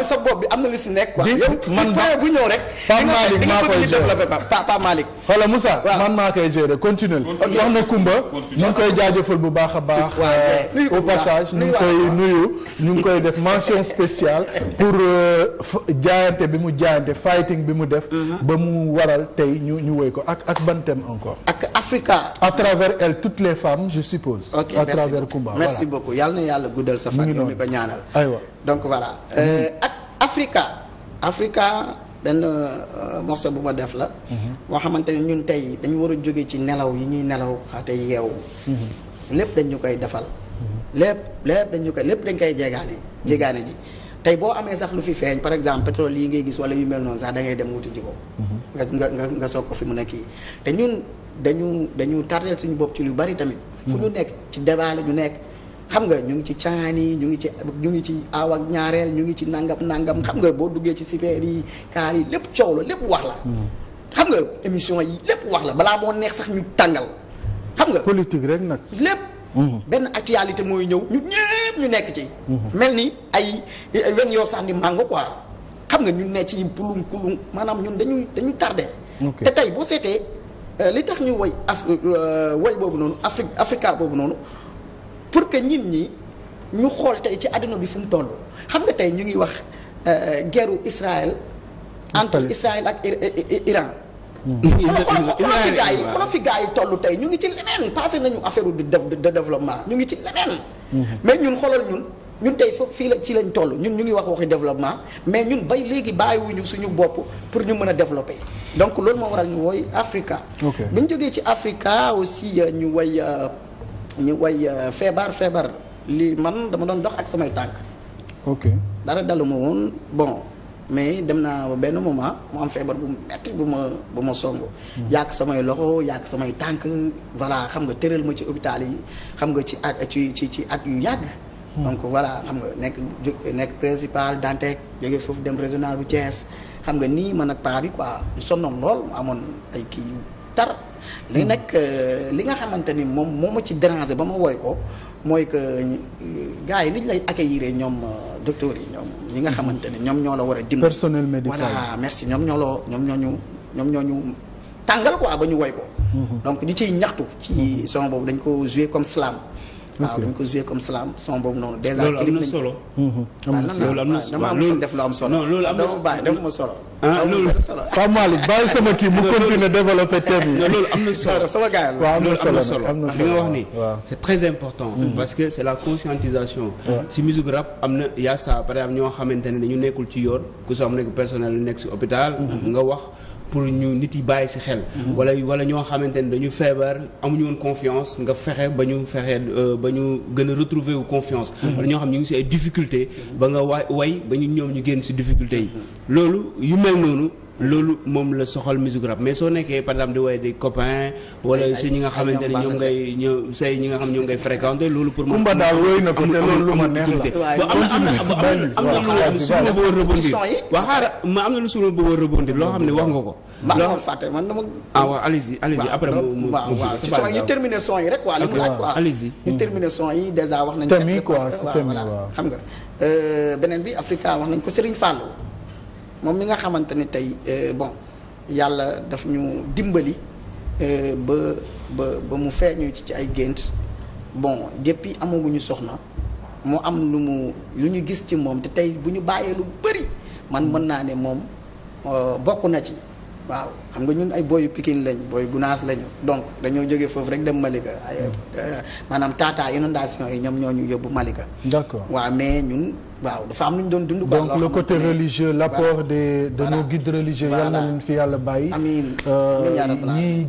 yow sa bopp bi am na lu si nekk quoi. man bu ñëw rek. Pape Malick maa koy gérer Pape Malick. xoolal Moussa man maa koy gérer continuer soxna Kumba ñu ngi koy jaajëfal bu baax a baax. Euh, au passage ñu ngi koy nuyu. ñu ngi koy def mention spéciale pour euh, jaayante bi mu jaayante fighting bi mu def. Mm-hmm. ba mu waral tey ñu ñu ko ak ak ban encore. Africa. à les femmes je suppose. ok à merci travers Kumba voilà merci beaucoup yàlla na yàlla guddal sa fan. ñu ko ñaanal aywa donc voilà. Mm-hmm. Euh, ak Africa. Africa benn euh, bu ma def la. moo mm-hmm. xamante ne ñun tey dañu war a jóge ci nelaw yi ñuy nelaw xaate yeewu. Mm-hmm. lépp dañ ñu koy defal. lépp lépp dañ ñu koy lépp dañ koy jégaane jégaane ji. tey boo amee sax lu fi feeñ par exemple pétrole yi ngay gis wala yu mel noonu sax da ngay dem wuti ji ko. nga nga nga soog ko fi mun a kii te ñun. dañu dañu tardeel suñu bopp ci lu bari tamit. fu ñu hmm. nekk ci débat la ñu nekk. xam nga ñu ngi ci caani ñu ngi ci ñu ngi ci aaw ak ñaareel ñu ngi ci nangam nangam xam nga boo duggee ci sifeer yi kaar yi lépp coow la lépp wax la. Hmm. xam nga émission yi lépp wax la balaa moo neex sax ñu tàngal. xam nga politique rek nag. lépp. Hmm. benn actualité mooy ñëw ñu ñëpp ñu nekk ci. mel ni ay wen yoo sax ni mango quoi xam nga ñu ne ci pulum kulum maanaam ñun dañuy dañu tardé. te tey boo seetee. Euh, li tax ñu woy af euh, woy boobu noonu Afrique Africa boobu noonu pour que nit ñi ñu xool tey ci àddina bi fu mu toll xam nga tey ñu ngi wax euh, guerru Israël entre Israël ak Iran hmm. xoolal fi gars yi xoolal fi gars yi toll tey ñu ngi ci leneen passé nañu affaire de développement ñu ngi ci leneen hmm. mais ñun xoolal ñun ñun tey foofu fii la ci lañ toll ñun ñu ngi wax waxi développement mais ñun bay léegi bàyyiwuñu suñu bopp pour ñu mën a développer donc loolu moo waral ñu woy Africa. bu ñu jógee ci Africa aussi euh, ñu woy euh, ñu woy euh, feebar feebar li man dama doon dox ak samay tànk. ok dara dalu ma woon bon mais dem naa benn moment mu am feebar bu metti bu ma bu ma songu. Hmm. yàq samay loxo yàq samay tànk voilà xam nga tëral ma ci hôpital yi xam nga ci ak ci ci ci at yu yàgg. Hmm. donc voilà xam nga nekk nekk principal Dantec jóge foofu dem régional bu Thiès xam nga nii man ak paa bi quoi ñu sonnoon lool amoon ay kii yu tar. léegi hmm. nag euh, li nga xamante ni moom moo ma ci déranger ba ma woy ko mooy que euh, gars yi ni ñu lay accueillir ñoom euh, docteurs yi ñoom ñi nga hmm. xamante ni ñoom ñoo la war a dimbali. personnel médical voilà merci ñoom ñoo loo ñoom ñoo ñu ñoom ñoo ñu tàngal quoi ba ñu woy ko. donc ñu ciy ñaxtu. ci son boobu dañ ko jouer comme slam. waaw dañ ko joué comme slam son boobu noonu. déjà clip am na solo. Mhm. am na solo def lu am solo. non loolu am na solo def ma solo. ah loolu Pa Malick bàyyi sama kii mu continuer développer thème yi. loolu am na solo sama gars la. am am na solo li nga wax nii. c'est très important. Mm-hmm. parce que c'est la conscientisation. si musique rap am na y a ça par ñoo xamante ne dañu nekkul ci yoon ku soo am nekk personnel yu nekk si hôpital. Mm-hmm. nga wax. pour ñu nit yi bàyyi si xel. Mm-hmm. wala wala ñoo xamante ne dañu feebar amuñu woon confiance nga fexe ba ñu fexe euh, ba ñu gën a retrouver wu confiance. wala ñoo xam ñu ngi ci ay difficultés ba nga way way ba ñu ñoom ñu génn ci yi. mel noonu loolu moom la soxal musique rap mais soo nekkee par exemple di woy des copains wala si ñi nga xamante ne ñoom ngay ñoom say ñi nga xam ñoom ngay fréquenté loolu pour. Kumba daal wéy na ko te loolu lu ma la am na am loo xam ne wax nga ko. loo man dama. ah waaw allez yi ñu terminé son yi rek. yi déjà wax nañu. thème yi quoi euh, beneen bi Africa wax nañ ko Serigne Fallou moom mi nga xamante ni tey euh, bon yàlla daf ñu dimbali euh, ba ba ba mu feeñu ci ci ay gént bon depuis amaguñu soxna mu am lu mu lu ñu gis ci moom te tey bu ñu bàyyee lu bëri man mën naa ne moom euh, bokk na ci waaw xam nga ñun ay booyu Pikine lañ booyu Gunaas lañu donc dañoo jógee foofu rek dem Malika ay hmm. euh, maanaam taataa inondation yi ñoom ñoo ñu yóbbu Malika. d'accord waaw mais ñun. waaw dafa am lu ñu doon dund. quoi donc le coté religieux l'apport des de nos guides religieux yal na leen fi yàlla bàyyi. Euh,